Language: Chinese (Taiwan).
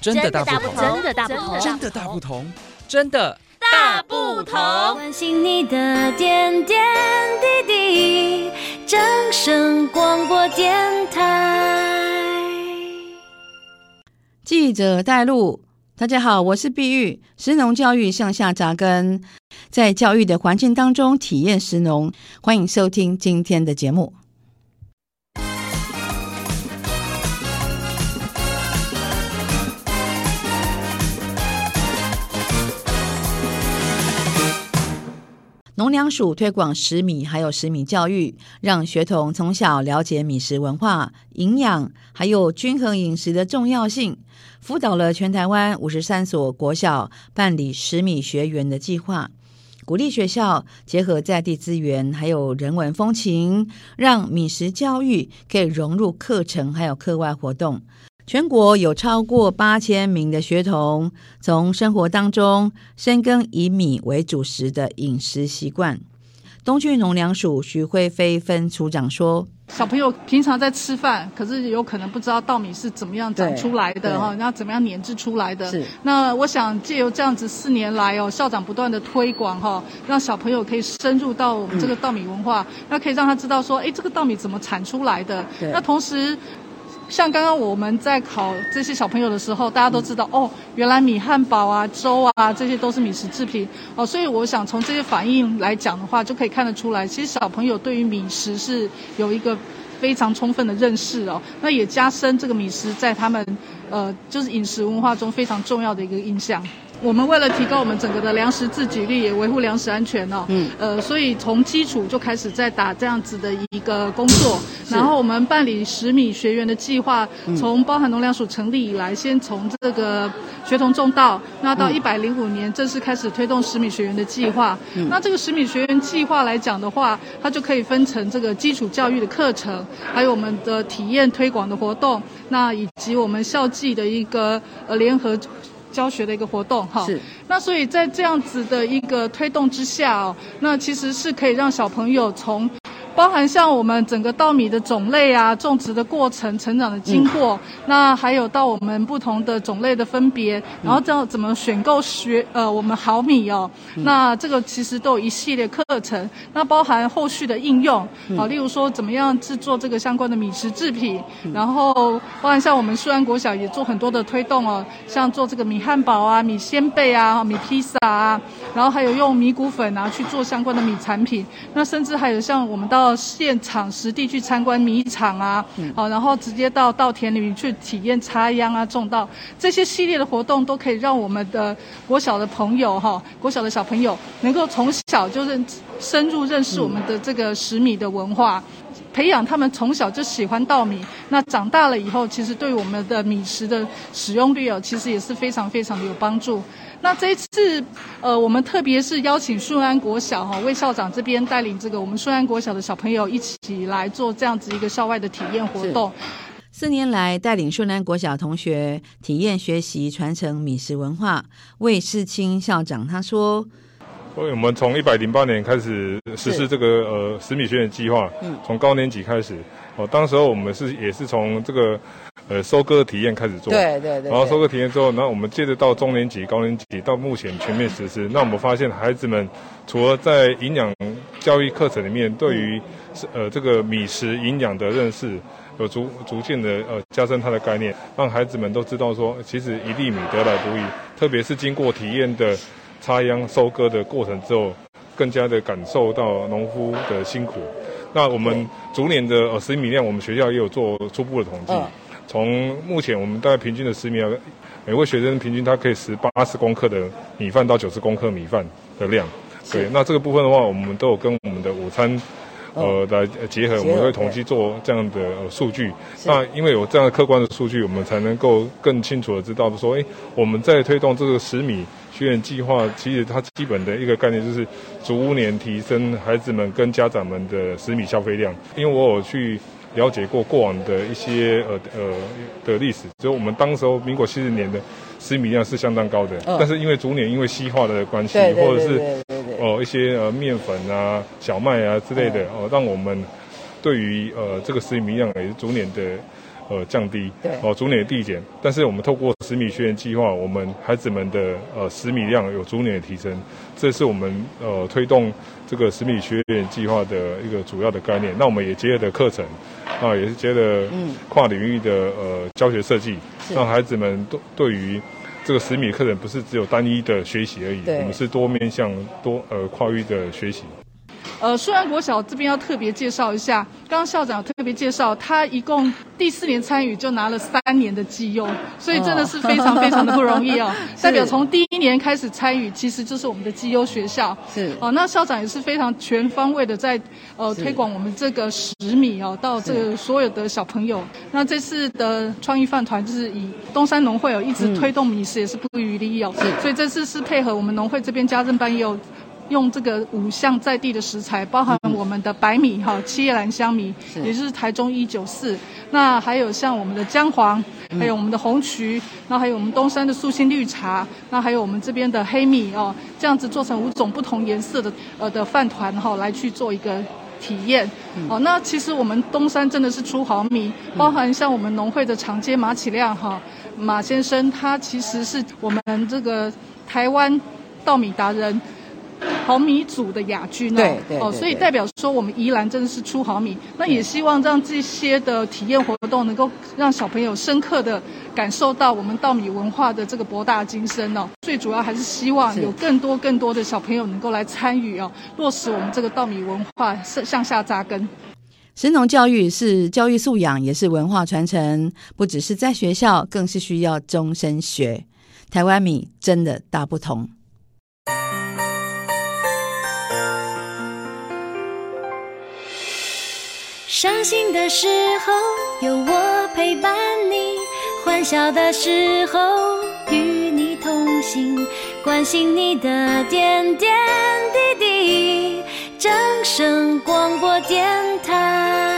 真的大不同，真的大不同，真的大不同，真的大不同。關心你的點點滴滴，正聲廣播電臺。記者帶路，大家好，我是碧玉，食農教育向下扎根，在教育的環境當中體驗食農，歡迎收聽今天的節目。農糧署推廣食米，還有食米教育，讓學童從小了解米食文化、營養，還有均衡飲食的重要性。輔導了全台灣五十三所國小辦理食米學園的計劃，鼓勵學校結合在地資源還有人文風情，讓米食教育可以融入課程還有課外活動。全國有超過八千名的學童從生活當中深耕以米為主食的飲食習慣。東區農糧署徐煇妃分署長說：“小朋友平常在吃飯，可是有可能不知道稻米是怎麼樣長出來的哈，然後、哦、怎麼樣碾制出來的。是那我想借由這樣子四年來哦，校長不斷的推廣哈、哦，讓小朋友可以深入到我們這個稻米文化，嗯、那可以讓他知道說，哎，這個稻米怎麼產出來的？對那同時。”像剛剛我們在考這些小朋友的時候，大家都知道哦，原來米漢堡啊、粥啊，這些都是米食製品哦。所以我想從這些反應來講的話，就可以看得出來，其實小朋友對於米食是有一個非常充分的認識哦。那也加深這個米食在他們呃，就是飲食文化中非常重要的一個印象。我們為了提高我們整個的糧食自給率，也維護糧食安全哦，嗯，呃，所以從基礎就開始在打這樣子的一個工作。然後我們辦理食米學園的計劃，從包含農糧署成立以來，先從這個學童種稻，那到一百零五年，正式開始推動食米學園的計劃。那這個食米學園計劃來講的話，它就可以分成這個基礎教育的課程，還有我們的體驗推廣的活動，那以及我們校際的一個呃聯合教學的一個活動哈。是。那所以在這樣子的一個推動之下哦，那其實是可以讓小朋友從。包含像我們整個稻米的種類啊，種植的過程、成長的經過，嗯、那還有到我們不同的種類的分別，嗯、然後這樣怎麼選購學、學呃我們好米哦，嗯、那這個其實都有一系列課程，那包含後續的應用、嗯、啊，例如說怎麼樣製作這個相關的米食制品，嗯、然後包含像我們順安國小也做很多的推動哦，像做這個米漢堡啊、米仙貝啊、米披薩啊，然後還有用米谷粉啊去做相關的米產品，那甚至還有像我們到到現場實地去參觀米場啊，好，然後直接到稻田裡面去體驗插秧啊、種稻，這些系列的活動都可以讓我們的國小的朋友哈，國小的小朋友能夠從小就認深入認識我們的這個食米的文化，嗯，培養他們從小就喜歡稻米，那長大了以後，其實對我們的米食的使用率啊，其實也是非常非常的有幫助。那這一次，呃，我們特別是邀請順安國小哈、哦、魏校長這邊帶領這個我們順安國小的小朋友一起來做這樣子一個校外的體驗活動。是四年來帶領順安國小同學體驗學習傳承米食文化，魏士欽校長他說：我們從108年開始實施這個是呃食米學園計劃，從、嗯、高年級開始，哦，當時候我們是也是從這個。呃，收割體驗開始做，對對對，對對對，然後收割體驗之後，那我們接着到中年級、高年級，到目前全面實施。那我們發現，孩子們除了在營養教育課程裡面，對於呃這個米食營養的認識，有逐逐漸的呃加深它的概念，讓孩子們都知道說，其實一粒米得來不易。特別是經過體驗的插秧、收割的過程之後，更加的感受到農夫的辛苦。那我們逐年的呃食米量，我們學校也有做初步的統計。呃從目前我們大概平均的食米，每位學生平均他可以吃八十公克的米飯到九十公克米飯的量。是 對，那這個部分的話，我們都有跟我們的午餐，呃，來結合，結合我們會統計做這樣的數、呃、據。是 那因為有這樣客觀的數據，我們才能夠更清楚的知道說，誒、欸、我們在推動這個食米學園計畫，其實它基本的一個概念就是逐年提升孩子們跟家長們的食米消費量。因為我有去。了解過過往的一些呃呃的歷史，就是我們當時候民國七十年的食米量是相當高的，哦、但是因為逐年因為西化的關係，或者是哦、呃、一些呃麵粉啊小麥啊之類的哦、呃，讓我們對於呃這個食米量也是逐年的呃降低，哦、呃、逐年的遞減。但是我們透過食米學園計劃，我們孩子們的呃食米量有逐年的提升，這是我們呃推動這個食米學園計劃的一個主要的概念。那我們也結合的課程。啊，也是結合跨領域的、嗯、呃教學設計，是讓孩子們都對於這個食米課程不是只有單一的學習而已，對我們是多面向多呃跨域的學習。呃，順安國小這邊要特別介紹一下，剛剛校長特別介紹，他一共第四年參與就拿了三年的績優，所以真的是非常非常的不容易哦，哦代表從第一年開始參與，是其實就是我們的績優學校。是。哦、呃，那校長也是非常全方位的在，呃，是推廣我們這個食米哦，到這個所有的小朋友。是那這次的創意飯糰就是以冬山農會哦，一直推動米食也是不遺餘力哦。是、嗯。所以這次是配合我們農會這邊家政班也有。用這個五項在地的食材，包含我們的白米哈、七葉蘭香米，是也就是台中一九四，那還有像我們的薑黃，還有我們的紅麴，嗯、那還有我們冬山的素心綠茶，那還有我們這邊的黑米哦，這樣子做成五種不同顏色的呃的飯糰哈、哦，來去做一個體驗。嗯、哦，那其實我們冬山真的是出好米，包含像我們農會的長街馬啟亮哈、哦，馬先生他其實是我們這個台灣稻米達人，毫米組的亞軍呢、哦？對對,對哦，所以代表說我們宜蘭真的是出毫米。那也希望讓這些的體驗活動能夠讓小朋友深刻的感受到我們稻米文化的這個博大精深哦。最主要還是希望有更多更多的小朋友能夠來參與哦，落實我們這個稻米文化向向下扎根。食農教育是教育素養，也是文化傳承，不只是在學校，更是需要終身學。台灣米真的大不同。傷心的時候有我陪伴你，歡笑的時候與你同行，關心你的點點滴滴，正聲廣播電台。